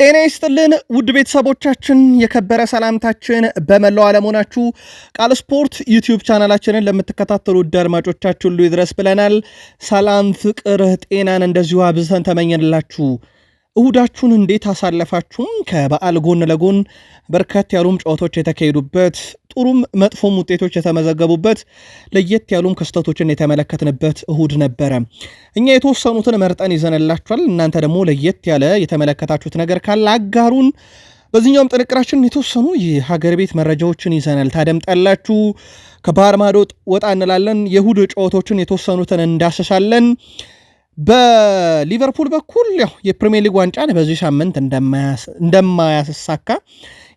ጤና ይስጥልን ውድ ቤተሰቦቻችን የከበረ ሰላምታችን በመላው አለመሆናችሁ ቃል ስፖርት ዩቲዩብ ቻናላችንን ለምትከታተሉ ውድ አድማጮቻችን ሁሉ ይድረስ ብለናል። ሰላም፣ ፍቅር፣ ጤናን እንደዚሁ አብዝተን ተመኘንላችሁ። እሁዳችሁን እንዴት አሳለፋችሁም? ከበዓል ጎን ለጎን በርከት ያሉም ጨዋታዎች የተካሄዱበት ጥሩም መጥፎም ውጤቶች የተመዘገቡበት ለየት ያሉም ክስተቶችን የተመለከትንበት እሁድ ነበረ። እኛ የተወሰኑትን መርጠን ይዘንላችኋል። እናንተ ደግሞ ለየት ያለ የተመለከታችሁት ነገር ካለ አጋሩን። በዚህኛውም ጥንቅራችን የተወሰኑ የሀገር ቤት መረጃዎችን ይዘናል፣ ታደምጣላችሁ። ከባህር ማዶ ወጣ እንላለን። የእሁድ ጨዋታዎችን የተወሰኑትን እንዳስሳለን። በሊቨርፑል በኩል ያው የፕሪሚየር ሊግ ዋንጫን በዚህ ሳምንት እንደማያስሳካ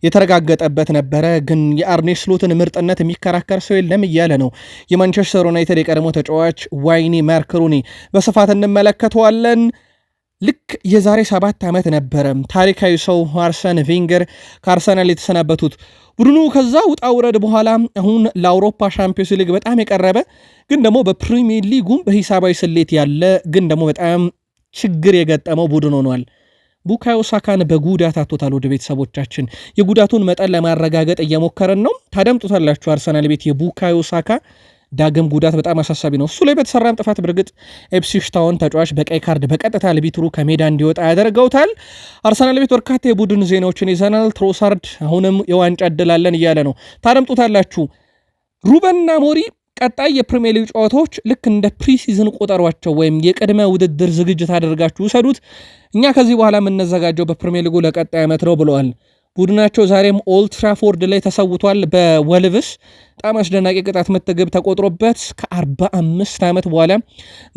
የተረጋገጠበት ነበረ። ግን የአርኔ ስሎትን ምርጥነት የሚከራከር ሰው የለም እያለ ነው የማንቸስተር ዩናይትድ የቀድሞ ተጫዋች ዋይኒ ማርክ ሩኒ። በስፋት እንመለከተዋለን። ልክ የዛሬ ሰባት ዓመት ነበረ ታሪካዊ ሰው አርሰን ቬንገር ከአርሰናል የተሰናበቱት። ቡድኑ ከዛ ውጣ ውረድ በኋላ አሁን ለአውሮፓ ሻምፒዮንስ ሊግ በጣም የቀረበ ግን ደግሞ በፕሪሚየር ሊጉም በሂሳባዊ ስሌት ያለ ግን ደግሞ በጣም ችግር የገጠመው ቡድን ሆኗል። ቡካዮ ሳካን በጉዳት አቶታል። ወደ ቤተሰቦቻችን የጉዳቱን መጠን ለማረጋገጥ እየሞከረን ነው። ታደምጡታላችሁ አርሰናል ቤት የቡካዮ ሳካ ዳግም ጉዳት በጣም አሳሳቢ ነው። እሱ ላይ በተሰራም ጥፋት በእርግጥ ኤፕሲሽታውን ተጫዋች በቀይ ካርድ በቀጥታ ለቢትሩ ከሜዳ እንዲወጣ ያደርገውታል። አርሰናል ቤት በርካታ የቡድን ዜናዎችን ይዘናል። ትሮሳርድ አሁንም የዋንጫ እድላለን እያለ ነው። ታደምጡታላችሁ። ሩበን ሞሪ ቀጣይ የፕሪሚየር ሊግ ጨዋታዎች ልክ እንደ ፕሪሲዝን ቆጠሯቸው ወይም የቅድመ ውድድር ዝግጅት አድርጋችሁ ውሰዱት። እኛ ከዚህ በኋላ የምንዘጋጀው በፕሪሚየር ሊጉ ለቀጣይ ዓመት ነው ብለዋል። ቡድናቸው ዛሬም ኦልድ ትራፎርድ ላይ ተሰውቷል። በወልቭስ በጣም አስደናቂ ቅጣት ምት ግብ ተቆጥሮበት ከ45 ዓመት በኋላ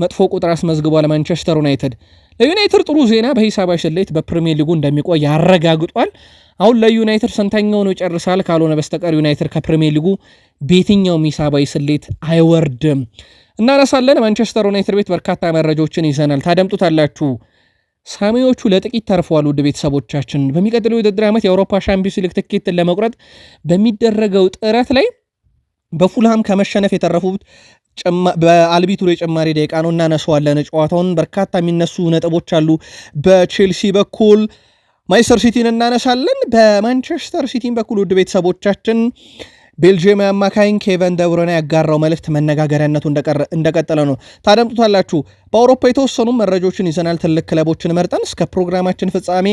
መጥፎ ቁጥር አስመዝግቧል። ማንቸስተር ዩናይትድ ለዩናይትድ ጥሩ ዜና በሂሳብ ስሌት በፕሪሚየር ሊጉ እንደሚቆይ አረጋግጧል። አሁን ለዩናይትድ ስንተኛው ነው ይጨርሳል? ካልሆነ በስተቀር ዩናይትድ ከፕሪሚየር ሊጉ በየትኛውም ሂሳባዊ ስሌት አይወርድም። እናነሳለን። ማንቸስተር ዩናይትድ ቤት በርካታ መረጃዎችን ይዘናል፣ ታደምጡታላችሁ። ሳሚዎቹ ለጥቂት ተርፈዋል። ውድ ቤተሰቦቻችን በሚቀጥለው የውድድር ዓመት የአውሮፓ ሻምፒዮንስ ሊግ ትኬትን ለመቁረጥ በሚደረገው ጥረት ላይ በፉልሃም ከመሸነፍ የተረፉት በአልቢ ቱሬ ጭማሪ ደቂቃ ነው፣ እናነሰዋለን ጨዋታውን። በርካታ የሚነሱ ነጥቦች አሉ። በቼልሲ በኩል ማንቸስተር ሲቲን እናነሳለን። በማንቸስተር ሲቲን በኩል ውድ ቤተሰቦቻችን ቤልጅየም አማካኝ ኬቨን ደብሮና ያጋራው መልእክት መነጋገሪያነቱ እንደቀጠለ ነው። ታደምጡታላችሁ። በአውሮፓ የተወሰኑ መረጃዎችን ይዘናል። ትልቅ ክለቦችን መርጠን እስከ ፕሮግራማችን ፍጻሜ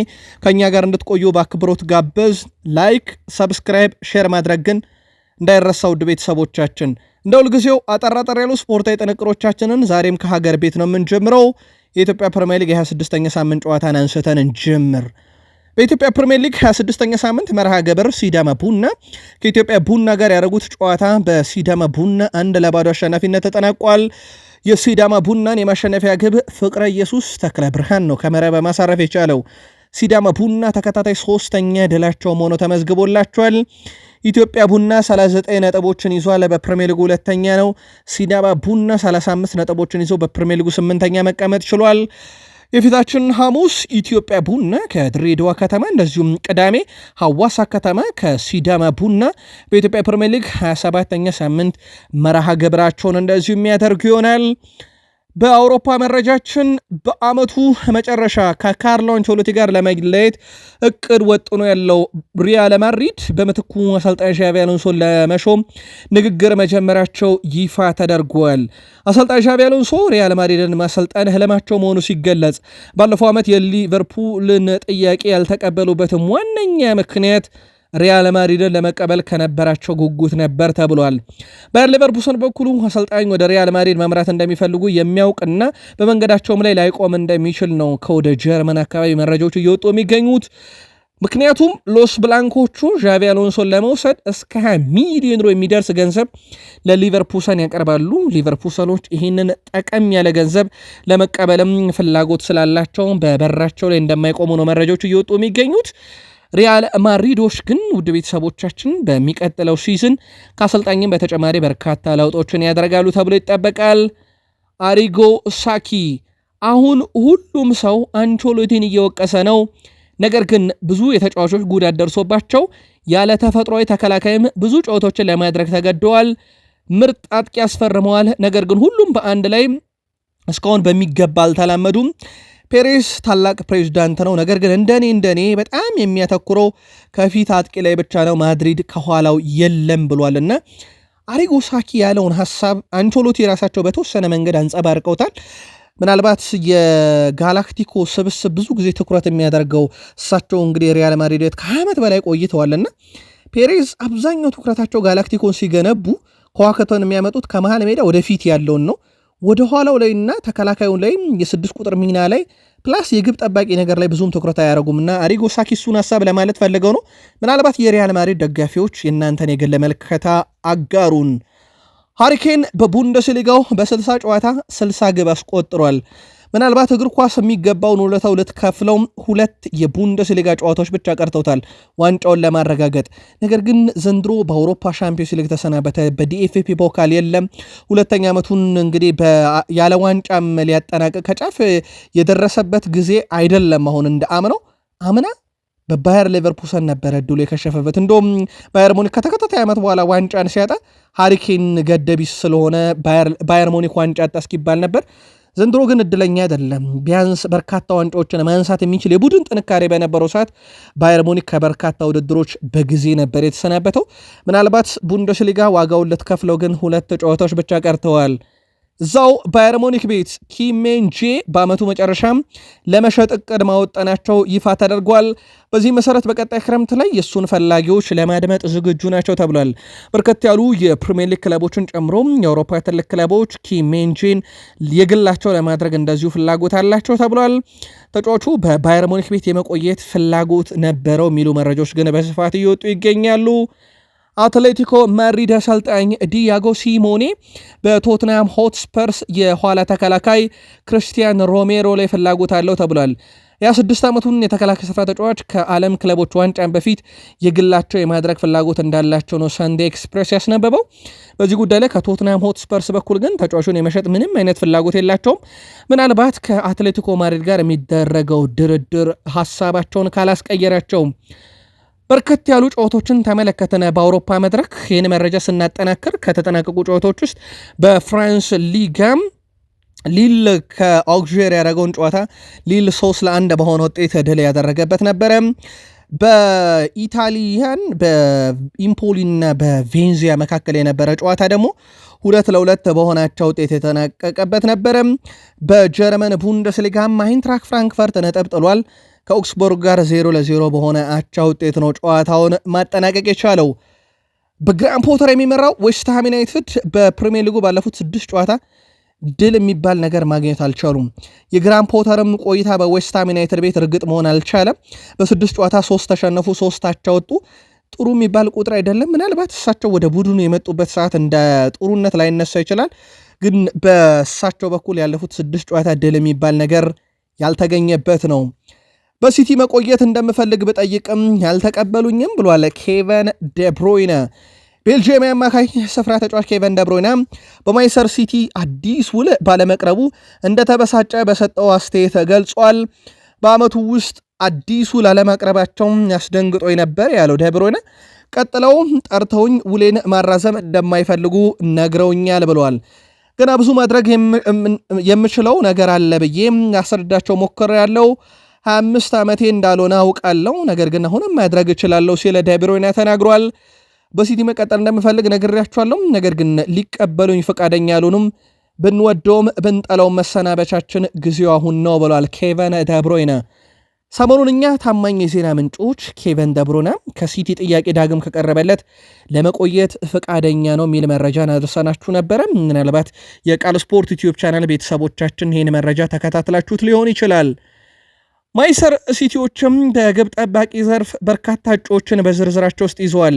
ከእኛ ጋር እንድትቆዩ በአክብሮት ጋበዝ። ላይክ፣ ሰብስክራይብ፣ ሼር ማድረግ ግን እንዳይረሳ ውድ ቤተሰቦቻችን። እንደ ሁልጊዜው አጠራጠር ያሉ ስፖርታዊ ጥንቅሮቻችንን ዛሬም ከሀገር ቤት ነው የምንጀምረው። የኢትዮጵያ ፕሪምየር ሊግ የ26ኛ ሳምንት ጨዋታን አንስተን እንጀምር። በኢትዮጵያ ፕሪምየር ሊግ 26ኛ ሳምንት መርሃ ገበር ሲዳማ ቡና ከኢትዮጵያ ቡና ጋር ያደረጉት ጨዋታ በሲዳማ ቡና አንድ ለባዶ አሸናፊነት ተጠናቋል። የሲዳማ ቡናን የማሸነፊያ ግብ ፍቅረ ኢየሱስ ተክለ ብርሃን ነው ከመረብ በማሳረፍ የቻለው። ሲዳማ ቡና ተከታታይ ሶስተኛ ድላቸውም ሆኖ ተመዝግቦላቸዋል። ኢትዮጵያ ቡና 39 ነጥቦችን ይዟል፣ በፕሪሚየር ሊጉ ሁለተኛ ነው። ሲዳማ ቡና 35 ነጥቦችን ይዞ በፕሪሚየር ሊጉ ስምንተኛ መቀመጥ ችሏል። የፊታችን ሐሙስ ኢትዮጵያ ቡና ከድሬዳዋ ከተማ እንደዚሁም ቅዳሜ ሐዋሳ ከተማ ከሲዳማ ቡና በኢትዮጵያ ፕሪምየር ሊግ 27ኛ ሳምንት መርሃ ግብራቸውን እንደዚሁ የሚያደርጉ ይሆናል። በአውሮፓ መረጃችን በአመቱ መጨረሻ ከካርሎ አንቸሎቲ ጋር ለመለየት እቅድ ወጥኖ ያለው ሪያል ማድሪድ በምትኩ አሰልጣኝ ሻቪ አሎንሶን ለመሾም ንግግር መጀመራቸው ይፋ ተደርጓል። አሰልጣኝ ሻቪ አሎንሶ ሪያል ማድሪድን ማሰልጠን ህልማቸው መሆኑ ሲገለጽ፣ ባለፈው ዓመት የሊቨርፑልን ጥያቄ ያልተቀበሉበትም ዋነኛ ምክንያት ሪያል ማድሪድን ለመቀበል ከነበራቸው ጉጉት ነበር ተብሏል። ባየር ሌቨርኩሰን በኩሉ አሰልጣኝ ወደ ሪያል ማድሪድ መምራት እንደሚፈልጉ የሚያውቅና በመንገዳቸውም ላይ ላይቆም እንደሚችል ነው ከወደ ጀርመን አካባቢ መረጃዎች እየወጡ የሚገኙት። ምክንያቱም ሎስ ብላንኮቹ ዣቪ አሎንሶን ለመውሰድ እስከ 20 ሚሊዮን ዩሮ የሚደርስ ገንዘብ ለሊቨርፑሰን ያቀርባሉ። ሊቨርፑሰኖች ይህንን ጠቀም ያለ ገንዘብ ለመቀበልም ፍላጎት ስላላቸው በበራቸው ላይ እንደማይቆሙ ነው መረጃዎቹ እየወጡ የሚገኙት። ሪያል ማድሪዶች ግን ውድ ቤተሰቦቻችን በሚቀጥለው ሲዝን ከአሰልጣኝም በተጨማሪ በርካታ ለውጦችን ያደርጋሉ ተብሎ ይጠበቃል። አሪጎ ሳኪ አሁን ሁሉም ሰው አንቾሎቲን እየወቀሰ ነው። ነገር ግን ብዙ የተጫዋቾች ጉዳት ደርሶባቸው ያለ ተፈጥሯዊ ተከላካይም ብዙ ጨዋታዎችን ለማድረግ ተገደዋል። ምርጥ አጥቂ ያስፈርመዋል። ነገር ግን ሁሉም በአንድ ላይ እስካሁን በሚገባ አልተላመዱም። ፔሬስ ታላቅ ፕሬዚዳንት ነው። ነገር ግን እንደኔ እንደኔ በጣም የሚያተኩረው ከፊት አጥቂ ላይ ብቻ ነው፣ ማድሪድ ከኋላው የለም ብሏልና አሪጎ ሳኪ ያለውን ሀሳብ አንቾሎቲ የራሳቸው በተወሰነ መንገድ አንጸባርቀውታል። ምናልባት የጋላክቲኮ ስብስብ ብዙ ጊዜ ትኩረት የሚያደርገው እሳቸው እንግዲህ ሪያል ማድሪድ ቤት ከዓመት በላይ ቆይተዋልና ፔሬዝ አብዛኛው ትኩረታቸው ጋላክቲኮን ሲገነቡ ከዋክቶን የሚያመጡት ከመሃል ሜዳ ወደፊት ያለውን ነው። ወደ ኋላው ላይና ተከላካዩ ላይ የስድስት ቁጥር ሚና ላይ ፕላስ የግብ ጠባቂ ነገር ላይ ብዙም ትኩረት አያደረጉም እና አሪጎ ሳኪሱን ሀሳብ ለማለት ፈልገው ነው። ምናልባት የሪያል ማድሪድ ደጋፊዎች የእናንተን የግል መልከታ አጋሩን። ሃሪኬን በቡንደስሊጋው በ60 ጨዋታ 60 ግብ አስቆጥሯል። ምናልባት እግር ኳስ የሚገባውን ውለታው ልትከፍለውም ሁለት የቡንደስሊጋ ጨዋታዎች ብቻ ቀርተውታል ዋንጫውን ለማረጋገጥ። ነገር ግን ዘንድሮ በአውሮፓ ሻምፒዮንስ ሊግ ተሰናበተ። በዲኤፍፒ ፖካል የለም። ሁለተኛ ዓመቱን እንግዲህ ያለ ዋንጫም ሊያጠናቀቅ ከጫፍ የደረሰበት ጊዜ አይደለም። አሁን እንደ አምነው አምና በባየር ሌቨርፑሰን ነበረ እድሉ የከሸፈበት። እንደውም ባየር ሙኒክ ከተከታታይ ዓመት በኋላ ዋንጫን ሲያጣ ሃሪኬን ገደቢስ ስለሆነ ባየር ሙኒክ ዋንጫ አጣ እስኪባል ነበር። ዘንድሮ ግን እድለኛ አይደለም። ቢያንስ በርካታ ዋንጫዎችን ማንሳት የሚችል የቡድን ጥንካሬ በነበረው ሰዓት ባየር ሙኒክ ከበርካታ ውድድሮች በጊዜ ነበር የተሰናበተው። ምናልባት ቡንደስሊጋ ዋጋውን ልትከፍለው ግን ሁለት ጨዋታዎች ብቻ ቀርተዋል። እዛው ባየር ሙኒክ ቤት ኪሜንጄ በዓመቱ መጨረሻም ለመሸጥ እቅድ ማወጠናቸው ይፋ ተደርጓል። በዚህ መሰረት በቀጣይ ክረምት ላይ የእሱን ፈላጊዎች ለማድመጥ ዝግጁ ናቸው ተብሏል። በርከት ያሉ የፕሪሚየር ሊግ ክለቦችን ጨምሮ የአውሮፓ ትልቅ ክለቦች ኪሜንጄን የግላቸው ለማድረግ እንደዚሁ ፍላጎት አላቸው ተብሏል። ተጫዋቹ በባየር ሙኒክ ቤት የመቆየት ፍላጎት ነበረው የሚሉ መረጃዎች ግን በስፋት እየወጡ ይገኛሉ። አትሌቲኮ ማድሪድ አሰልጣኝ ዲያጎ ሲሞኔ በቶትናም ሆትስፐርስ የኋላ ተከላካይ ክርስቲያን ሮሜሮ ላይ ፍላጎት አለው ተብሏል። የ26 ዓመቱን የተከላካይ ስፍራ ተጫዋች ከዓለም ክለቦች ዋንጫን በፊት የግላቸው የማድረግ ፍላጎት እንዳላቸው ነው ሰንዴ ኤክስፕሬስ ያስነበበው። በዚህ ጉዳይ ላይ ከቶትናም ሆትስፐርስ በኩል ግን ተጫዋቹን የመሸጥ ምንም አይነት ፍላጎት የላቸውም። ምናልባት ከአትሌቲኮ ማድሪድ ጋር የሚደረገው ድርድር ሀሳባቸውን ካላስቀየራቸውም በርከት ያሉ ጨዋታዎችን ተመለከተን። በአውሮፓ መድረክ ይህን መረጃ ስናጠናክር ከተጠናቀቁ ጨዋታዎች ውስጥ በፍራንስ ሊጋም ሊል ከአውግዤር ያደረገውን ጨዋታ ሊል ሶስት ለአንድ በሆነ ውጤት ድል ያደረገበት ነበረ። በኢታሊያን በኢምፖሊና በቬንዚያ መካከል የነበረ ጨዋታ ደግሞ ሁለት ለሁለት በሆናቸው ውጤት የተጠናቀቀበት ነበረ። በጀርመን ቡንደስሊጋም አይንትራክ ፍራንክፈርት ነጥብ ጥሏል። ከኦክስቦርግ ጋር 0 ለ0 በሆነ አቻ ውጤት ነው ጨዋታውን ማጠናቀቅ የቻለው። በግራም ፖተር የሚመራው ዌስትሃም ዩናይትድ በፕሪሚየር ሊጉ ባለፉት ስድስት ጨዋታ ድል የሚባል ነገር ማግኘት አልቻሉም። የግራም ፖተርም ቆይታ በዌስትሃም ዩናይትድ ቤት እርግጥ መሆን አልቻለም። በስድስት ጨዋታ ሶስት ተሸነፉ፣ ሶስት አቻ ወጡ። ጥሩ የሚባል ቁጥር አይደለም። ምናልባት እሳቸው ወደ ቡድኑ የመጡበት ሰዓት እንደ ጥሩነት ላይነሳ ይችላል። ግን በእሳቸው በኩል ያለፉት ስድስት ጨዋታ ድል የሚባል ነገር ያልተገኘበት ነው። በሲቲ መቆየት እንደምፈልግ ብጠይቅም ያልተቀበሉኝም ብሏል ኬቨን ደብሮይነ። ቤልጅየም አማካኝ ስፍራ ተጫዋች ኬቨን ደብሮይና በማንቸስተር ሲቲ አዲስ ውል ባለመቅረቡ እንደተበሳጨ በሰጠው አስተያየት ገልጿል። በአመቱ ውስጥ አዲስ ውል አለማቅረባቸውም ነበር ያለው ደብሮይነ ቀጥለው ጠርተውኝ ውሌን ማራዘም እንደማይፈልጉ ነግረውኛል ብለዋል። ገና ብዙ ማድረግ የምችለው ነገር አለ ብዬ ያስረዳቸው ያለው። ሀያ አምስት ዓመቴ እንዳልሆነ አውቃለሁ፣ ነገር ግን አሁንም ማድረግ እችላለሁ ሲል ደብሮይና ተናግሯል። በሲቲ መቀጠል እንደምፈልግ ነግሬያቸዋለሁ፣ ነገር ግን ሊቀበሉኝ ፈቃደኛ ያልሆኑም ብንወደውም ብንጠላውም መሰናበቻችን ጊዜው አሁን ነው ብሏል ኬቨን ደብሮይነ። ሰሞኑን እኛ ታማኝ የዜና ምንጮች ኬቨን ደብሮይነ ከሲቲ ጥያቄ ዳግም ከቀረበለት ለመቆየት ፈቃደኛ ነው የሚል መረጃን አድርሰናችሁ ነበረ። ምናልባት የቃል ስፖርት ዩቲዩብ ቻናል ቤተሰቦቻችን ይህን መረጃ ተከታትላችሁት ሊሆን ይችላል። ማይሰር ሲቲዎችም በግብ ጠባቂ ዘርፍ በርካታ እጩዎችን በዝርዝራቸው ውስጥ ይዘዋል።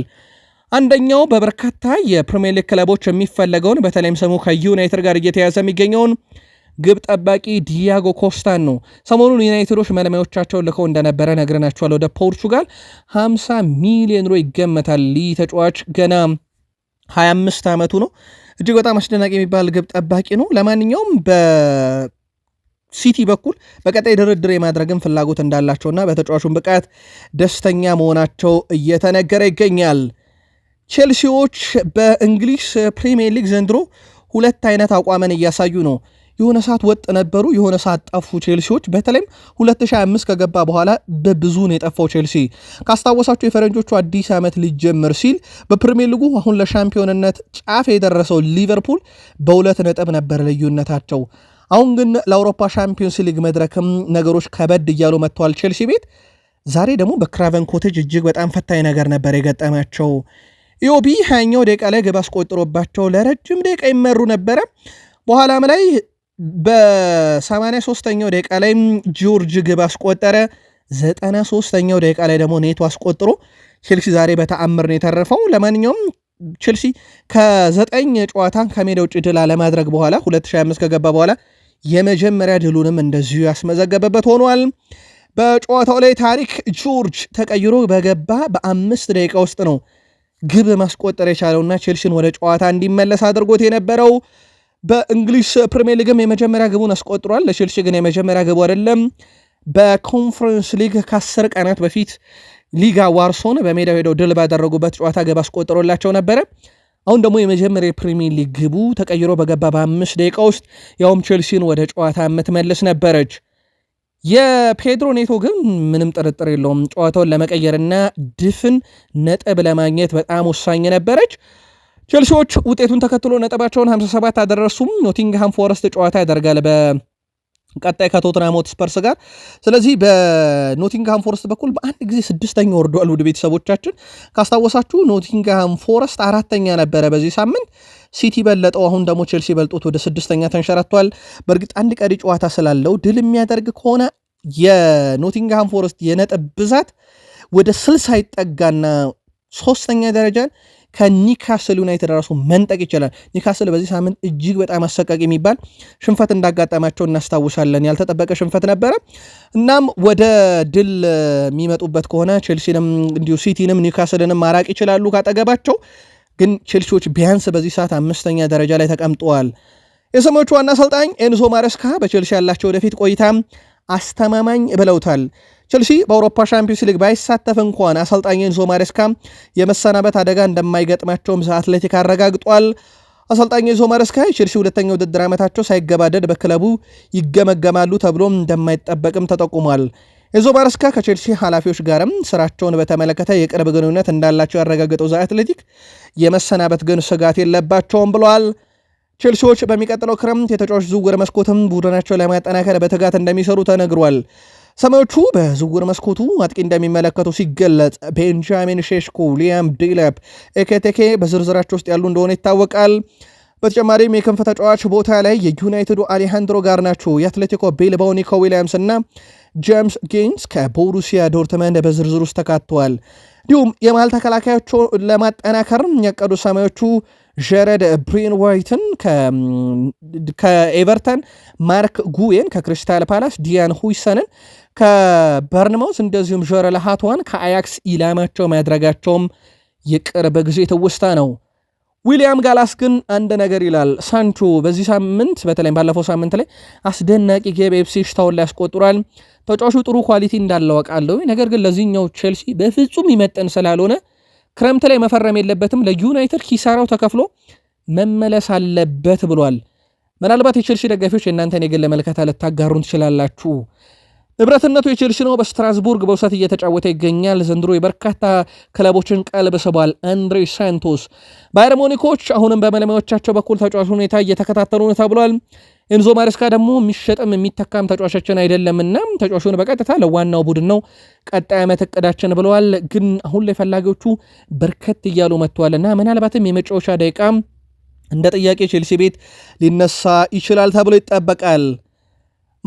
አንደኛው በበርካታ የፕሪምየር ሊግ ክለቦች የሚፈለገውን በተለይም ስሙ ከዩናይትድ ጋር እየተያዘ የሚገኘውን ግብ ጠባቂ ዲያጎ ኮስታን ነው። ሰሞኑን ዩናይትዶች መልማዮቻቸውን ልከው እንደነበረ ነግረናቸዋል። ወደ ፖርቹጋል 50 ሚሊዮን ዩሮ ይገመታል። ይህ ተጫዋች ገና 25 ዓመቱ ነው። እጅግ በጣም አስደናቂ የሚባል ግብ ጠባቂ ነው። ለማንኛውም ሲቲ በኩል በቀጣይ ድርድር የማድረግም ፍላጎት እንዳላቸውና በተጫዋቹን ብቃት ደስተኛ መሆናቸው እየተነገረ ይገኛል። ቼልሲዎች በእንግሊዝ ፕሪሚየር ሊግ ዘንድሮ ሁለት አይነት አቋምን እያሳዩ ነው። የሆነ ሰዓት ወጥ ነበሩ፣ የሆነ ሰዓት ጠፉ። ቼልሲዎች በተለይም 2025 ከገባ በኋላ በብዙ ነው የጠፋው። ቼልሲ ካስታወሳቸው የፈረንጆቹ አዲስ ዓመት ሊጀምር ሲል በፕሪሚየር ሊጉ አሁን ለሻምፒዮንነት ጫፍ የደረሰው ሊቨርፑል በሁለት ነጥብ ነበር ልዩነታቸው። አሁን ግን ለአውሮፓ ሻምፒዮንስ ሊግ መድረክም ነገሮች ከበድ እያሉ መጥተዋል። ቼልሲ ቤት ዛሬ ደግሞ በክራቨን ኮቴጅ እጅግ በጣም ፈታኝ ነገር ነበር የገጠማቸው። ኢዮቢ ሀያኛው ደቂቃ ላይ ግብ አስቆጥሮባቸው ለረጅም ደቂቃ ይመሩ ነበረ። በኋላም ላይ በ 83 ኛው ደቂቃ ላይ ጆርጅ ግብ አስቆጠረ። 93 93ኛው ደቂቃ ላይ ደግሞ ኔቶ አስቆጥሮ ቼልሲ ዛሬ በተአምር ነው የተረፈው። ለማንኛውም ቼልሲ ከዘጠኝ ጨዋታን ከሜዳ ውጭ ድል አለማድረግ በኋላ 2025 ከገባ በኋላ የመጀመሪያ ድሉንም እንደዚሁ ያስመዘገበበት ሆኗል። በጨዋታው ላይ ታሪክ ጆርጅ ተቀይሮ በገባ በአምስት ደቂቃ ውስጥ ነው ግብ ማስቆጠር የቻለውና ቼልሲን ወደ ጨዋታ እንዲመለስ አድርጎት የነበረው። በእንግሊዝ ፕሪሚየር ሊግም የመጀመሪያ ግቡን አስቆጥሯል። ለቼልሲ ግን የመጀመሪያ ግቡ አይደለም። በኮንፈረንስ ሊግ ከአስር ቀናት በፊት ሊጋ ዋርሶን በሜዳው ሄደው ድል ባደረጉበት ጨዋታ ግብ አስቆጥሮላቸው ነበረ። አሁን ደግሞ የመጀመሪያ የፕሪሚየር ሊግ ግቡ ተቀይሮ በገባ በአምስት ደቂቃ ውስጥ ያውም ቼልሲን ወደ ጨዋታ የምትመልስ ነበረች። የፔድሮ ኔቶ ግን ምንም ጥርጥር የለውም ጨዋታውን ለመቀየርና ድፍን ነጥብ ለማግኘት በጣም ወሳኝ ነበረች። ቼልሲዎች ውጤቱን ተከትሎ ነጥባቸውን 57 አደረሱም። ኖቲንግሃም ፎረስት ጨዋታ ያደርጋል በ ቀጣይ ከቶትናም ሆትስፐርስ ጋር። ስለዚህ በኖቲንግሃም ፎረስት በኩል በአንድ ጊዜ ስድስተኛ ወርዷል። ውድ ቤተሰቦቻችን ካስታወሳችሁ ኖቲንግሃም ፎረስት አራተኛ ነበረ በዚህ ሳምንት ሲቲ በለጠው። አሁን ደግሞ ቼልሲ በልጦት ወደ ስድስተኛ ተንሸራቷል። በእርግጥ አንድ ቀሪ ጨዋታ ስላለው ድል የሚያደርግ ከሆነ የኖቲንግሃም ፎረስት የነጥብ ብዛት ወደ ስልሳ ይጠጋና ሶስተኛ ደረጃን ከኒካስል ዩናይትድ ራሱ መንጠቅ ይችላል። ኒካስል በዚህ ሳምንት እጅግ በጣም አሰቃቂ የሚባል ሽንፈት እንዳጋጠማቸው እናስታውሳለን። ያልተጠበቀ ሽንፈት ነበረ። እናም ወደ ድል የሚመጡበት ከሆነ ቼልሲንም እንዲሁ ሲቲንም ኒካስልንም ማራቅ ይችላሉ ካጠገባቸው። ግን ቼልሲዎች ቢያንስ በዚህ ሰዓት አምስተኛ ደረጃ ላይ ተቀምጠዋል። የሰሞቹ ዋና አሰልጣኝ ኤንዞ ማረስካ በቼልሲ ያላቸው ወደፊት ቆይታ አስተማማኝ ብለውታል። ቼልሲ በአውሮፓ ሻምፒዮንስ ሊግ ባይሳተፍ እንኳን አሰልጣኝ ኤንዞ ማሬስካ የመሰናበት አደጋ እንደማይገጥማቸውም አትሌቲክ አረጋግጧል። አሰልጣኝ ኤንዞ ማሬስካ የቼልሲ ሁለተኛ ውድድር ዓመታቸው ሳይገባደድ በክለቡ ይገመገማሉ ተብሎም እንደማይጠበቅም ተጠቁሟል። ኤንዞ ማሬስካ ከቼልሲ ኃላፊዎች ጋርም ስራቸውን በተመለከተ የቅርብ ግንኙነት እንዳላቸው ያረጋገጠው ዛ አትሌቲክ የመሰናበት ግን ስጋት የለባቸውም ብሏል። ቼልሲዎች በሚቀጥለው ክረምት የተጫዋች ዝውውር መስኮትም ቡድናቸው ለማጠናከር በትጋት እንደሚሰሩ ተነግሯል። ሰማዮቹ በዝውውር መስኮቱ አጥቂ እንደሚመለከቱ ሲገለጽ ቤንጃሚን ሼሽኮ፣ ሊያም ዴላፕ፣ ኤኬቴኬ በዝርዝራቸው ውስጥ ያሉ እንደሆነ ይታወቃል። በተጨማሪም የክንፍ ተጫዋች ቦታ ላይ የዩናይትዱ አሌሃንድሮ ጋር ናቸው። የአትሌቲኮ ቤልባው ኒኮ ዊሊያምስ እና ጄምስ ጌንስ ከቦሩሲያ ዶርትመንድ በዝርዝር ውስጥ ተካተዋል። እንዲሁም የመሃል ተከላካዮቹ ለማጠናከር ያቀዱ ሰማዮቹ ጀረድ ብሪን ዋይትን ከኤቨርተን፣ ማርክ ጉዌን ከክሪስታል ፓላስ፣ ዲያን ሁይሰንን ከበርንማውስ እንደዚሁም ዦረ ለሃቷን ከአያክስ ኢላማቸው ማድረጋቸውም የቅርብ ጊዜ ትውስታ ነው። ዊሊያም ጋላስ ግን አንድ ነገር ይላል። ሳንቾ በዚህ ሳምንት በተለይም ባለፈው ሳምንት ላይ አስደናቂ ጌብ ሽታውን ላይ ያስቆጥሯል። ተጫዋቹ ጥሩ ኳሊቲ እንዳለው አውቃለሁ፣ ነገር ግን ለዚህኛው ቼልሲ በፍጹም ይመጠን ስላልሆነ ክረምት ላይ መፈረም የለበትም ለዩናይትድ ኪሳራው ተከፍሎ መመለስ አለበት ብሏል። ምናልባት የቼልሲ ደጋፊዎች የእናንተን የግል መልከታ ልታጋሩን ትችላላችሁ። ንብረትነቱ የቼልሲ ነው። በስትራስቡርግ በውሰት እየተጫወተ ይገኛል። ዘንድሮ የበርካታ ክለቦችን ቀልብ ስቧል። አንድሬ ሳንቶስ ባየር ሙኒኮች አሁንም በመለማዮቻቸው በኩል ተጫዋች ሁኔታ እየተከታተሉ ነው ተብሏል። ኤንዞ ማሬስካ ደግሞ የሚሸጥም የሚተካም ተጫዋቻችን አይደለምና ተጫዋቹን በቀጥታ ለዋናው ቡድን ነው ቀጣይ ዓመት እቅዳችን ብለዋል። ግን አሁን ላይ ፈላጊዎቹ በርከት እያሉ መጥተዋልና ምናልባትም የመጫወቻ ደቂቃ እንደ ጥያቄ ቼልሲ ቤት ሊነሳ ይችላል ተብሎ ይጠበቃል።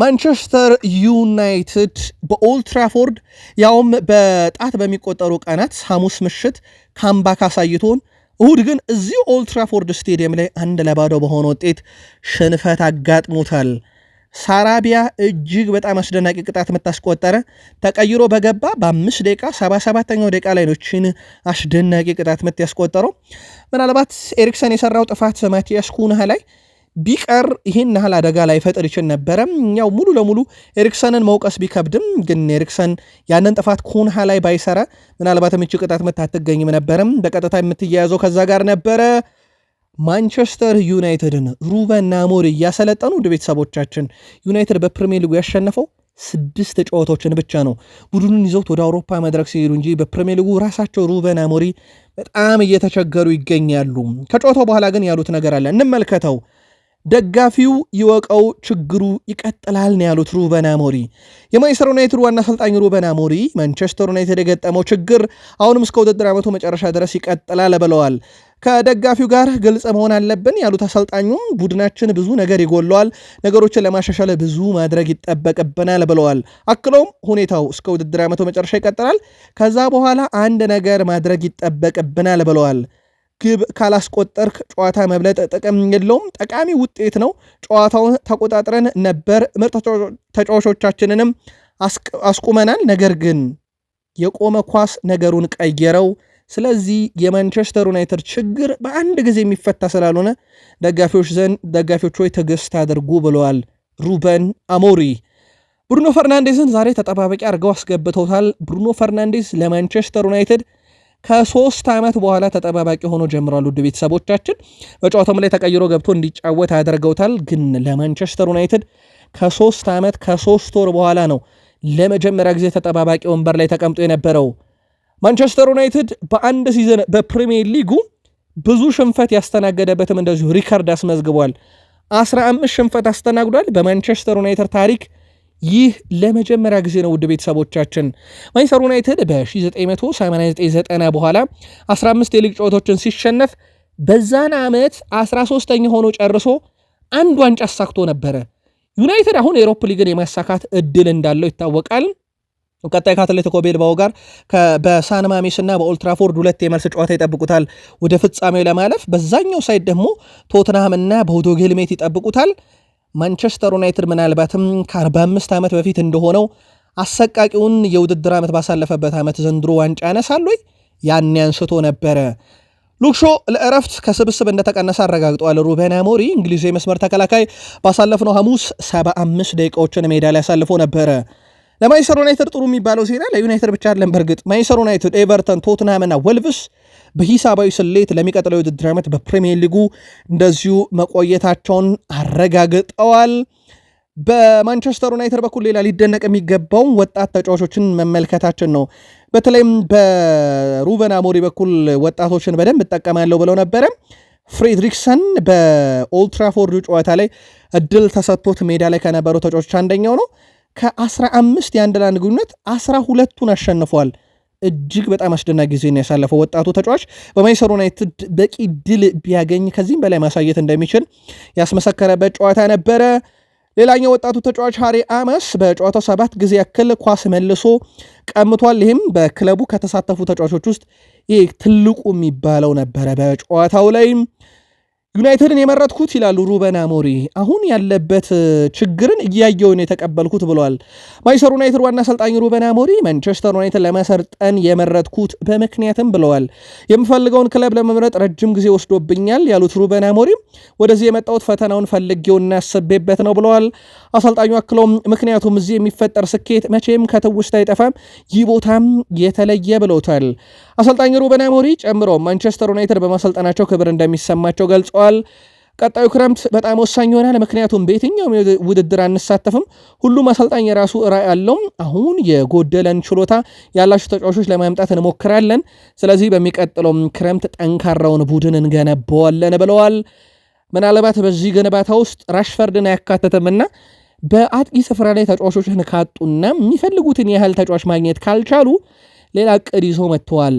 ማንቸስተር ዩናይትድ በኦልትራፎርድ ያውም በጣት በሚቆጠሩ ቀናት ሐሙስ ምሽት ካምባክ አሳይቶን እሁድ ግን እዚሁ ኦልትራፎርድ ስቴዲየም ላይ አንድ ለባዶ በሆነ ውጤት ሽንፈት አጋጥሞታል። ሳራቢያ እጅግ በጣም አስደናቂ ቅጣት የምታስቆጠረ ተቀይሮ በገባ በአምስት ደቂቃ ሰባ ሰባተኛው ደቂቃ ላይ ኖችን አስደናቂ ቅጣት ምት ያስቆጠረው። ምናልባት ኤሪክሰን የሰራው ጥፋት ማቲያስ ኩንሃ ላይ ቢቀር ይህን ያህል አደጋ ላይ ፈጥር ይችል ነበረ። ያው ሙሉ ለሙሉ ኤሪክሰንን መውቀስ ቢከብድም ግን ኤሪክሰን ያንን ጥፋት ኮንሃ ላይ ባይሰራ ምናልባት የምች ቅጣት ምት አትገኝም ነበረም። በቀጥታ የምትያያዘው ከዛ ጋር ነበረ። ማንቸስተር ዩናይትድን ሩበን አሞሪ እያሰለጠኑ ውድ ቤተሰቦቻችን ዩናይትድ በፕሪሚየር ሊጉ ያሸነፈው ስድስት ጨዋታዎችን ብቻ ነው ቡድኑን ይዘውት ወደ አውሮፓ መድረክ ሲሄዱ እንጂ በፕሪሚየር ሊጉ ራሳቸው ሩበን አሞሪ በጣም እየተቸገሩ ይገኛሉ። ከጨዋታው በኋላ ግን ያሉት ነገር አለ፣ እንመልከተው። ደጋፊው ይወቀው ችግሩ ይቀጥላል ነው ያሉት ሩበን አሞሪ። የማንቸስተር ዩናይትድ ዋና አሰልጣኝ ሩበን አሞሪ ማንቸስተር ዩናይትድ የገጠመው ችግር አሁንም እስከ ውድድር ዓመቱ መጨረሻ ድረስ ይቀጥላል ብለዋል። ከደጋፊው ጋር ግልጽ መሆን አለብን ያሉት አሰልጣኙም ቡድናችን ብዙ ነገር ይጎለዋል፣ ነገሮችን ለማሻሻል ብዙ ማድረግ ይጠበቅብናል ብለዋል። አክለውም ሁኔታው እስከ ውድድር ዓመቱ መጨረሻ ይቀጥላል፣ ከዛ በኋላ አንድ ነገር ማድረግ ይጠበቅብናል ብለዋል። ግብ ካላስቆጠርክ ጨዋታ መብለጥ ጥቅም የለውም። ጠቃሚ ውጤት ነው። ጨዋታውን ተቆጣጥረን ነበር። ምርጥ ተጫዋቾቻችንንም አስቁመናል። ነገር ግን የቆመ ኳስ ነገሩን ቀየረው። ስለዚህ የማንቸስተር ዩናይትድ ችግር በአንድ ጊዜ የሚፈታ ስላልሆነ ደጋፊዎች ዘንድ ደጋፊዎች ወይ ትዕግስት አድርጉ ብለዋል ሩበን አሞሪ። ብሩኖ ፈርናንዴዝን ዛሬ ተጠባበቂ አድርገው አስገብተውታል። ብሩኖ ፈርናንዴዝ ለማንቸስተር ዩናይትድ ከሶስት ዓመት በኋላ ተጠባባቂ ሆኖ ጀምሯል። ውድ ቤተሰቦቻችን በጨዋታውም ላይ ተቀይሮ ገብቶ እንዲጫወት ያደርገውታል። ግን ለማንቸስተር ዩናይትድ ከሶስት ዓመት ከሶስት ወር በኋላ ነው ለመጀመሪያ ጊዜ ተጠባባቂ ወንበር ላይ ተቀምጦ የነበረው። ማንቸስተር ዩናይትድ በአንድ ሲዘን በፕሪሚየር ሊጉ ብዙ ሽንፈት ያስተናገደበትም እንደዚሁ ሪከርድ አስመዝግቧል። 15 ሽንፈት አስተናግዷል። በማንቸስተር ዩናይትድ ታሪክ ይህ ለመጀመሪያ ጊዜ ነው። ውድ ቤተሰቦቻችን ማንቸስተር ዩናይትድ በ1989 በኋላ 15 የሊግ ጨዋታዎችን ሲሸነፍ በዛን ዓመት 13ተኛ ሆኖ ጨርሶ አንድ ዋንጫ አሳክቶ ነበረ። ዩናይትድ አሁን የአውሮፓ ሊግን የማሳካት እድል እንዳለው ይታወቃል። ቀጣይ ከአትሌቲኮ ቤልባኦ ጋር በሳንማሜስ እና በኦልትራፎርድ ሁለት የመልስ ጨዋታ ይጠብቁታል ወደ ፍጻሜው ለማለፍ። በዛኛው ሳይድ ደግሞ ቶትናሃም እና ይጠብቁታል። ማንቸስተር ዩናይትድ ምናልባትም ከ45 ዓመት በፊት እንደሆነው አሰቃቂውን የውድድር ዓመት ባሳለፈበት ዓመት ዘንድሮ ዋንጫ ያነሳሉ ወይ? ያኔ አንስቶ ነበረ። ሉክሾ ለእረፍት ከስብስብ እንደተቀነሰ አረጋግጠዋል። ሩበን አሞሪ እንግሊዙ የመስመር ተከላካይ ባሳለፍነው ሐሙስ 75 ደቂቃዎችን ሜዳ ላይ አሳልፎ ነበረ። ለማንቸስተር ዩናይትድ ጥሩ የሚባለው ዜና ለዩናይትድ ብቻ አይደለም። በእርግጥ ማንቸስተር ዩናይትድ፣ ኤቨርተን፣ ና ወልቭስ በሂሳባዊ ስሌት ለሚቀጥለው የውድድር ዓመት በፕሪሚየር ሊጉ እንደዚሁ መቆየታቸውን አረጋግጠዋል። በማንቸስተር ዩናይትድ በኩል ሌላ ሊደነቅ የሚገባውም ወጣት ተጫዋቾችን መመልከታችን ነው። በተለይም በሩቨን አሞሪ በኩል ወጣቶችን በደንብ እጠቀማለሁ ብለው ነበረ። ፍሬድሪክሰን በኦልትራፎርዱ ጨዋታ ላይ እድል ተሰጥቶት ሜዳ ላይ ከነበሩ ተጫዋቾች አንደኛው ነው። ከ15 የአንድ ለአንድ ግንኙነት 12ቱን አሸንፏል። እጅግ በጣም አስደናቂ ጊዜን ያሳለፈው ወጣቱ ተጫዋች በማንቸስተር ዩናይትድ በቂ ድል ቢያገኝ ከዚህም በላይ ማሳየት እንደሚችል ያስመሰከረበት ጨዋታ ነበረ። ሌላኛው ወጣቱ ተጫዋች ሃሪ አመስ በጨዋታው ሰባት ጊዜ ያክል ኳስ መልሶ ቀምቷል። ይህም በክለቡ ከተሳተፉ ተጫዋቾች ውስጥ ይህ ትልቁ የሚባለው ነበረ። በጨዋታው ላይም ዩናይትድን የመረጥኩት ይላሉ ሩበን አሞሪ አሁን ያለበት ችግርን እያየውን የተቀበልኩት ብለዋል። ማንቸስተር ዩናይትድ ዋና አሰልጣኝ ሩበን አሞሪ ማንቸስተር ዩናይትድ ለመሰርጠን የመረጥኩት በምክንያትም ብለዋል። የምፈልገውን ክለብ ለመምረጥ ረጅም ጊዜ ወስዶብኛል ያሉት ሩበን አሞሪ ወደዚህ የመጣሁት ፈተናውን ፈልጌውና አስቤበት ነው ብለዋል። አሰልጣኙ አክለውም ምክንያቱም እዚህ የሚፈጠር ስኬት መቼም ከትውስታ አይጠፋም፣ ይህ ቦታም የተለየ ብለውታል። አሰልጣኝ ሩበን አሞሪ ጨምሮ ማንቸስተር ዩናይትድ በማሰልጠናቸው ክብር እንደሚሰማቸው ገልጸዋል። ገልጸዋል። ቀጣዩ ክረምት በጣም ወሳኝ ይሆናል። ምክንያቱም በየትኛውም ውድድር አንሳተፍም። ሁሉም አሰልጣኝ የራሱ ራዕይ አለው። አሁን የጎደለን ችሎታ ያላቸው ተጫዋቾች ለማምጣት እንሞክራለን። ስለዚህ በሚቀጥለው ክረምት ጠንካራውን ቡድን እንገነባዋለን ብለዋል። ምናልባት በዚህ ግንባታ ውስጥ ራሽፈርድን አያካተትምና በአጥቂ ስፍራ ላይ ተጫዋቾችን ካጡና የሚፈልጉትን ያህል ተጫዋች ማግኘት ካልቻሉ ሌላ ቅድ ይዞ መጥተዋል።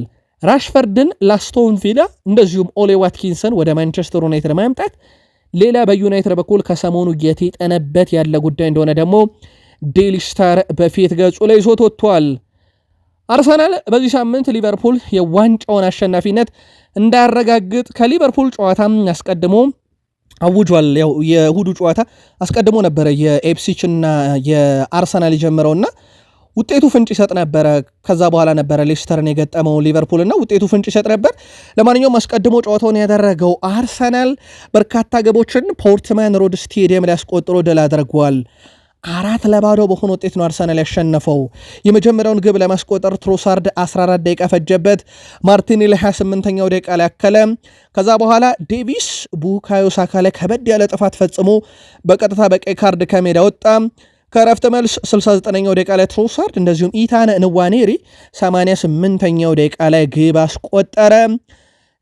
ራሽፈርድን ላስቶን ቪላ እንደዚሁም ኦሌ ዋትኪንሰን ወደ ማንቸስተር ዩናይትድ ማምጣት ሌላ በዩናይትድ በኩል ከሰሞኑ የተጠነበት ያለ ጉዳይ እንደሆነ ደግሞ ዴሊ ስታር በፊት ገጹ ላይ ይዞት ወጥቷል። አርሰናል በዚህ ሳምንት ሊቨርፑል የዋንጫውን አሸናፊነት እንዳያረጋግጥ ከሊቨርፑል ጨዋታ አስቀድሞ አውጇል። ያው የእሁዱ ጨዋታ አስቀድሞ ነበረ የኤፕሲችና የአርሰናል የጀመረውና ውጤቱ ፍንጭ ይሰጥ ነበረ። ከዛ በኋላ ነበረ ሌስተርን የገጠመው ሊቨርፑል እና ውጤቱ ፍንጭ ይሰጥ ነበር። ለማንኛውም አስቀድሞ ጨዋታውን ያደረገው አርሰናል በርካታ ግቦችን ፖርትማን ሮድ ስቴዲየም ሊያስቆጥሮ አስቆጥሮ ድል አድርጓል። አራት ለባዶ በሆነ ውጤት ነው አርሰናል ያሸነፈው። የመጀመሪያውን ግብ ለማስቆጠር ትሮሳርድ 14 ደቂቃ ፈጀበት። ለ 28ኛው ደቂቃ ላይ ያከለ። ከዛ በኋላ ዴቪስ ቡካዮ ሳካ ላይ ከበድ ያለ ጥፋት ፈጽሞ በቀጥታ በቀይ ካርድ ከሜዳ ወጣ። ከረፍት መልስ 69ኛው ደቂቃ ላይ ትሮሳርድ እንደዚሁም ኢታነ ንዋኔሪ 88ኛው ደቂቃ ላይ ግብ አስቆጠረ።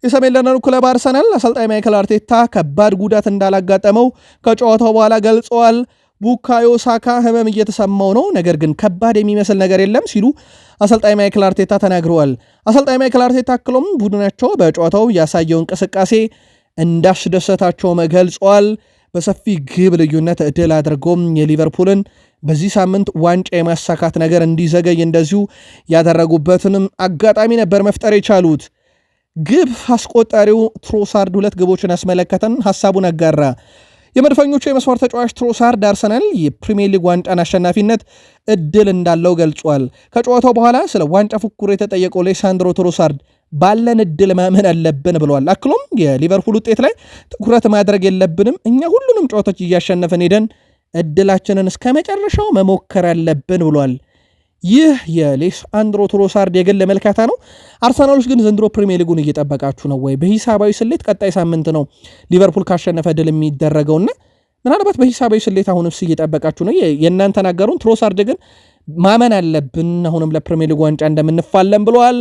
የሰሜን ለንደኑ ክለብ አርሰናል አሰልጣኝ ማይክል አርቴታ ከባድ ጉዳት እንዳላጋጠመው ከጨዋታው በኋላ ገልጸዋል። ቡካዮ ሳካ ህመም እየተሰማው ነው፣ ነገር ግን ከባድ የሚመስል ነገር የለም ሲሉ አሰልጣኝ ማይክል አርቴታ ተናግረዋል። አሰልጣኝ ማይክል አርቴታ አክሎም ቡድናቸው በጨዋታው ያሳየው እንቅስቃሴ እንዳስደሰታቸውም ገልጸዋል። በሰፊ ግብ ልዩነት እድል አድርጎም የሊቨርፑልን በዚህ ሳምንት ዋንጫ የማሳካት ነገር እንዲዘገይ እንደዚሁ ያደረጉበትንም አጋጣሚ ነበር መፍጠር የቻሉት። ግብ አስቆጣሪው ትሮሳርድ ሁለት ግቦችን አስመለከተን፣ ሀሳቡን አጋራ። የመድፈኞቹ የመስመር ተጫዋች ትሮሳርድ አርሰናል የፕሪሚየር ሊግ ዋንጫን አሸናፊነት እድል እንዳለው ገልጿል። ከጨዋታው በኋላ ስለ ዋንጫ ፉክክሩ የተጠየቀው ሌሳንድሮ ትሮሳርድ ባለን እድል ማመን አለብን ብለዋል። አክሎም የሊቨርፑል ውጤት ላይ ትኩረት ማድረግ የለብንም፣ እኛ ሁሉንም ጨዋታዎች እያሸነፈን ሄደን እድላችንን እስከ መጨረሻው መሞከር አለብን ብሏል። ይህ የሌሳንድሮ ትሮሳርድ የግል መልካታ ነው። አርሰናሎች ግን ዘንድሮ ፕሪሚየር ሊጉን እየጠበቃችሁ ነው ወይ? በሂሳባዊ ስሌት ቀጣይ ሳምንት ነው ሊቨርፑል ካሸነፈ ድል የሚደረገውና ምናልባት በሂሳባዊ ስሌት አሁንም እየጠበቃችሁ ነው። የእናንተ ናገሩን ትሮሳርድ ግን ማመን አለብን አሁንም ለፕሪሚየር ሊጉ ዋንጫ እንደምንፋለን ብለዋል።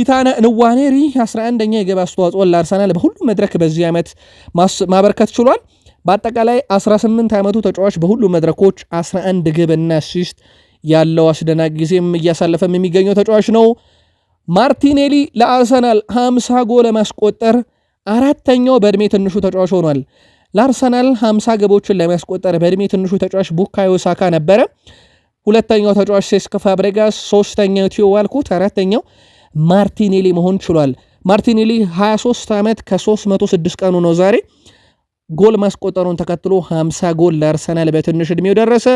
ኢታና ንዋኔሪ 11ኛ የገባ አስተዋጽኦን ለአርሰናል በሁሉም መድረክ በዚህ ዓመት ማበርከት ችሏል። በአጠቃላይ 18 ዓመቱ ተጫዋች በሁሉም መድረኮች 11 ግብና አሲስት ያለው አስደናቂ ጊዜም እያሳለፈም የሚገኘው ተጫዋች ነው። ማርቲኔሊ ለአርሰናል 50 ጎል ለማስቆጠር አራተኛው በእድሜ ትንሹ ተጫዋች ሆኗል። ለአርሰናል 50 ግቦችን ለማስቆጠር በእድሜ ትንሹ ተጫዋች ቡካዮ ሳካ ነበረ። ሁለተኛው ተጫዋች ሴስክ ፋብሬጋስ፣ ሶስተኛው ቲዮ ዋልኩት፣ አራተኛው ማርቲኔሊ መሆን ችሏል። ማርቲኔሊ 23 ዓመት ከ306 ቀኑ ነው ዛሬ ጎል ማስቆጠሩን ተከትሎ 50 ጎል ለአርሰናል በትንሽ ዕድሜው ደረሰ።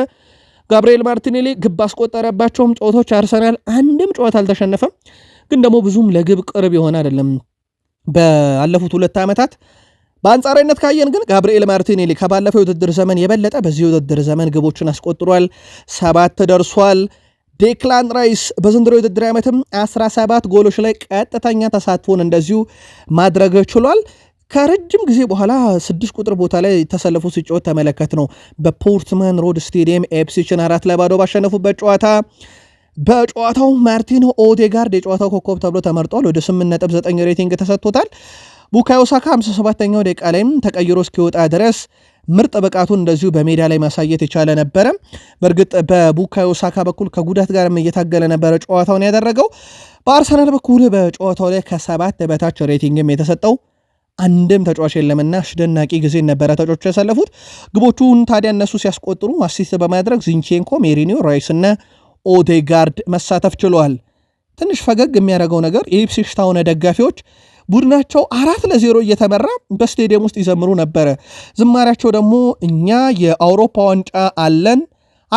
ጋብርኤል ማርቲኔሊ ግብ አስቆጠረባቸውም ጨዋታዎች አርሰናል አንድም ጨዋታ አልተሸነፈም፣ ግን ደግሞ ብዙም ለግብ ቅርብ የሆነ አይደለም በአለፉት ሁለት ዓመታት። በአንጻራዊነት ካየን ግን ጋብርኤል ማርቲኔሊ ከባለፈው የውድድር ዘመን የበለጠ በዚህ የውድድር ዘመን ግቦችን አስቆጥሯል። ሰባት ደርሷል። ዴክላን ራይስ በዘንድሮ የውድድር ዓመትም 17 ጎሎች ላይ ቀጥተኛ ተሳትፎን እንደዚሁ ማድረግ ችሏል። ከረጅም ጊዜ በኋላ ስድስት ቁጥር ቦታ ላይ ተሰልፎ ሲጫወት ተመለከት ነው። በፖርትማን ሮድ ስቴዲየም ኤፕሲችን አራት ለባዶ ባሸነፉበት ጨዋታ በጨዋታው ማርቲን ኦዴጋርድ የጨዋታው ኮከብ ተብሎ ተመርጧል። ወደ 8.9 ሬቲንግ ተሰጥቶታል። ቡካዮ ሳካ 57ኛው ደቂቃ ላይም ተቀይሮ እስኪወጣ ድረስ ምርጥ ብቃቱን እንደዚሁ በሜዳ ላይ ማሳየት የቻለ ነበረ። በእርግጥ በቡካዮ ሳካ በኩል ከጉዳት ጋርም እየታገለ ነበረ ጨዋታውን ያደረገው። በአርሰናል በኩል በጨዋታው ላይ ከሰባት በታች ሬቲንግም የተሰጠው አንድም ተጫዋች የለምና አስደናቂ ጊዜ ነበረ ተጫዋቾች ያሳለፉት። ግቦቹን ታዲያ እነሱ ሲያስቆጥሩ አሲስት በማድረግ ዚንቼንኮ፣ ሜሪኒዮ፣ ራይስ እና ኦዴጋርድ መሳተፍ ችለዋል። ትንሽ ፈገግ የሚያደርገው ነገር የኢፕስዊች ታውን ደጋፊዎች ቡድናቸው አራት ለዜሮ እየተመራ በስቴዲየም ውስጥ ይዘምሩ ነበረ። ዝማሪያቸው ደግሞ እኛ የአውሮፓ ዋንጫ አለን፣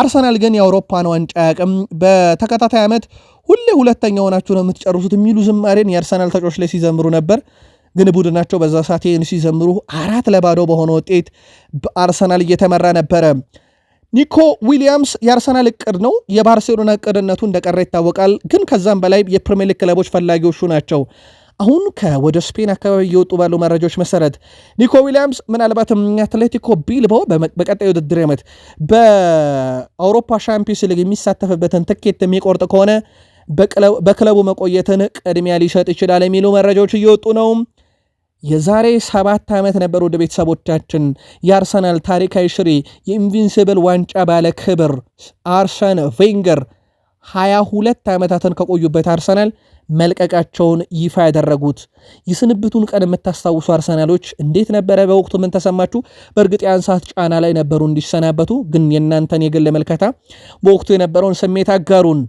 አርሰናል ግን የአውሮፓን ዋንጫ ያቅም፣ በተከታታይ ዓመት ሁሌ ሁለተኛ ሆናችሁ ነው የምትጨርሱት የሚሉ ዝማሬን የአርሰናል ተጫዋቾች ላይ ሲዘምሩ ነበር። ግን ቡድናቸው በዛ ሰዓት ይህን ሲዘምሩ አራት ለባዶ በሆነ ውጤት በአርሰናል እየተመራ ነበረ። ኒኮ ዊሊያምስ የአርሰናል እቅድ ነው። የባርሴሎና እቅድነቱ እንደቀረ ይታወቃል። ግን ከዛም በላይ የፕሪሚየር ሊግ ክለቦች ፈላጊዎቹ ናቸው። አሁን ከወደ ስፔን አካባቢ እየወጡ ባሉ መረጃዎች መሰረት ኒኮ ዊሊያምስ ምናልባትም አትሌቲኮ ቢልባኦ በቀጣይ ውድድር ዓመት በአውሮፓ ሻምፒዮንስ ሊግ የሚሳተፍበትን ትኬት የሚቆርጥ ከሆነ በክለቡ መቆየትን ቅድሚያ ሊሰጥ ይችላል የሚሉ መረጃዎች እየወጡ ነው። የዛሬ ሰባት ዓመት ነበር ወደ ቤተሰቦቻችን የአርሰናል ታሪካዊ ሽሪ የኢንቪንሲብል ዋንጫ ባለ ክብር አርሰን ቬንገር 22 ዓመታትን ከቆዩበት አርሰናል መልቀቃቸውን ይፋ ያደረጉት። የስንብቱን ቀን የምታስታውሱ አርሰናሎች እንዴት ነበረ? በወቅቱ ምን ተሰማችሁ? በእርግጥ ያን ሰዓት ጫና ላይ ነበሩ እንዲሰናበቱ፣ ግን የእናንተን የግል መልከታ በወቅቱ የነበረውን ስሜት አጋሩን።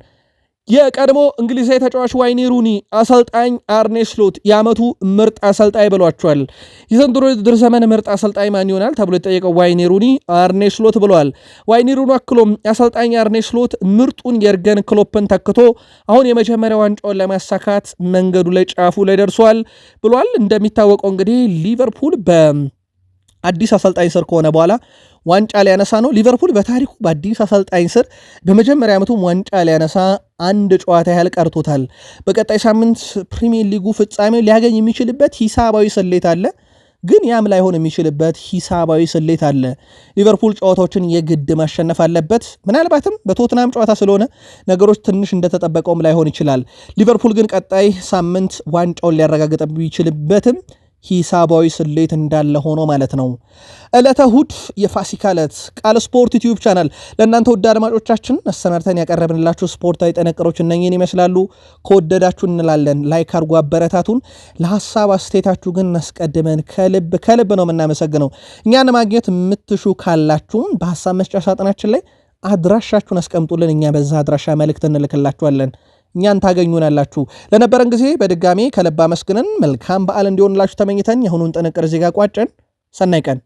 የቀድሞ እንግሊዛዊ ተጫዋች ዋይኔ ሩኒ አሰልጣኝ አርኔ ስሎት የአመቱ ምርጥ አሰልጣኝ ብሏቸዋል። የዘንድሮ የውድድር ዘመን ምርጥ አሰልጣኝ ማን ይሆናል ተብሎ የተጠየቀው ዋይኔ ሩኒ አርኔ ስሎት ብለዋል። ዋይኔ ሩኒ አክሎም አሰልጣኝ አርኔ ስሎት ምርጡን የርገን ክሎፕን ተክቶ አሁን የመጀመሪያ ዋንጫውን ለማሳካት መንገዱ ላይ ጫፉ ላይ ደርሷል ብሏል። እንደሚታወቀው እንግዲህ ሊቨርፑል በአዲስ አሰልጣኝ ስር ከሆነ በኋላ ዋንጫ ሊያነሳ ነው። ሊቨርፑል በታሪኩ በአዲስ አሰልጣኝ ስር በመጀመሪያ ዓመቱም ዋንጫ ሊያነሳ አንድ ጨዋታ ያህል ቀርቶታል። በቀጣይ ሳምንት ፕሪሚየር ሊጉ ፍጻሜ ሊያገኝ የሚችልበት ሂሳባዊ ስሌት አለ፣ ግን ያም ላይሆን የሚችልበት ሂሳባዊ ስሌት አለ። ሊቨርፑል ጨዋታዎችን የግድ ማሸነፍ አለበት። ምናልባትም በቶትናም ጨዋታ ስለሆነ ነገሮች ትንሽ እንደተጠበቀውም ላይሆን ይችላል። ሊቨርፑል ግን ቀጣይ ሳምንት ዋንጫውን ሊያረጋግጥ ይችልበትም ሂሳባዊ ስሌት እንዳለ ሆኖ ማለት ነው። ዕለተ እሁድ የፋሲካ ዕለት ቃል ስፖርት ዩቲዩብ ቻናል ለእናንተ ውድ አድማጮቻችን አሰናድተን ያቀረብንላችሁ ስፖርታዊ ጥንቅሮች እነኝን ይመስላሉ። ከወደዳችሁ እንላለን ላይክ አርጎ አበረታቱን። ለሀሳብ አስተያየታችሁ ግን አስቀድመን ከልብ ከልብ ነው የምናመሰግነው። እኛን ማግኘት የምትሹ ካላችሁም በሀሳብ መስጫ ሳጥናችን ላይ አድራሻችሁን አስቀምጡልን። እኛ በዛ አድራሻ መልእክት እንልክላችኋለን። እኛን ታገኙናላችሁ። ለነበረን ጊዜ በድጋሜ ከልብ አመስግነን መልካም በዓል እንዲሆንላችሁ ተመኝተን የአሁኑን ጥንቅር ዜጋ ቋጭን። ሰናይ ቀን